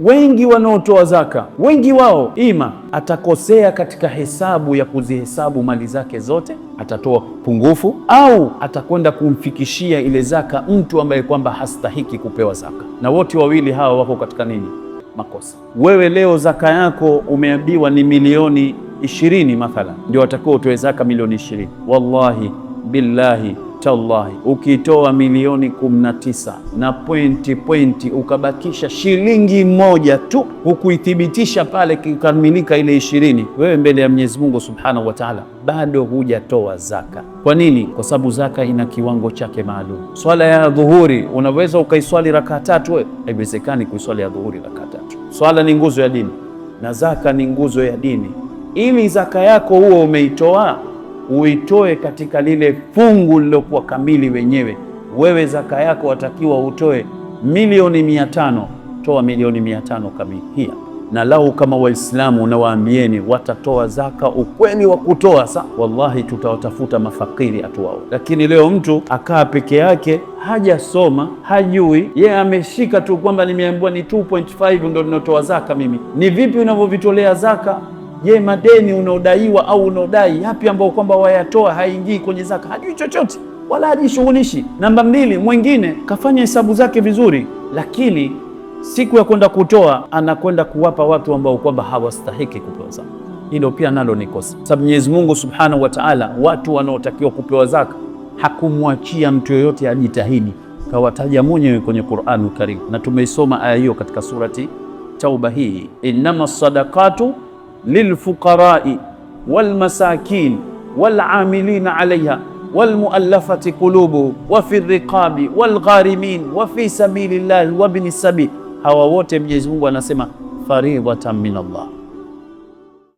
wengi wanaotoa zaka, wengi wao ima atakosea katika hesabu ya kuzihesabu mali zake zote, atatoa pungufu, au atakwenda kumfikishia ile zaka mtu ambaye kwamba hastahiki kupewa zaka, na wote wawili hawa wako katika nini? Makosa. Wewe leo zaka yako umeambiwa ni milioni ishirini mathalan, ndio watakiwa utoe zaka milioni ishirini. Wallahi billahi tallahi, ukitoa milioni 19 na pointi pointi ukabakisha shilingi moja tu, hukuithibitisha pale kikamilika ile ishirini, wewe mbele ya Mwenyezi Mungu subhanahu wa taala bado hujatoa zaka. Kwa nini? Kwa sababu zaka ina kiwango chake maalum. Swala ya dhuhuri unaweza ukaiswali rakaa tatu, We, haiwezekani kuiswali ya dhuhuri rakaa tatu. Swala ni nguzo ya dini na zaka ni nguzo ya dini. Ili zaka yako huo umeitoa uitoe katika lile fungu lilokuwa kamili wenyewe. Wewe zaka yako watakiwa utoe milioni mia tano. Toa milioni mia tano kamili hiya. Na lau kama Waislamu unawaambieni watatoa zaka ukweli wa kutoa sa, wallahi tutawatafuta mafakiri atuwao. Lakini leo mtu akaa peke yake, hajasoma, hajui yeye, ameshika tu kwamba nimeambiwa ni 2.5 ndo ninatoa zaka mimi. Ni vipi unavyovitolea zaka? Je, madeni unaodaiwa au unaodai yapi ambao kwamba wayatoa haingii kwenye zaka? Hajui chochote wala hajishughulishi. Namba mbili, mwingine kafanya hesabu zake vizuri, lakini siku ya kwenda kutoa anakwenda kuwapa watu ambao kwamba hawastahiki kupewa zaka. Hilo pia nalo ni kosa, sababu Mwenyezi Mungu Subhanahu wa Ta'ala, watu wanaotakiwa kupewa zaka hakumwachia mtu yoyote ajitahidi, kawataja mwenyewe kwenye Qur'anu Karim, na tumeisoma aya hiyo katika surati Tauba hii, innama sadakatu للفقراء والمساكين والعاملين عليها والمؤلفة قلوبهم وفي الرقاب والغارمين وفي سبيل الله وابن السبيل. Hawa wote Mwenyezi Mungu فريضة من الله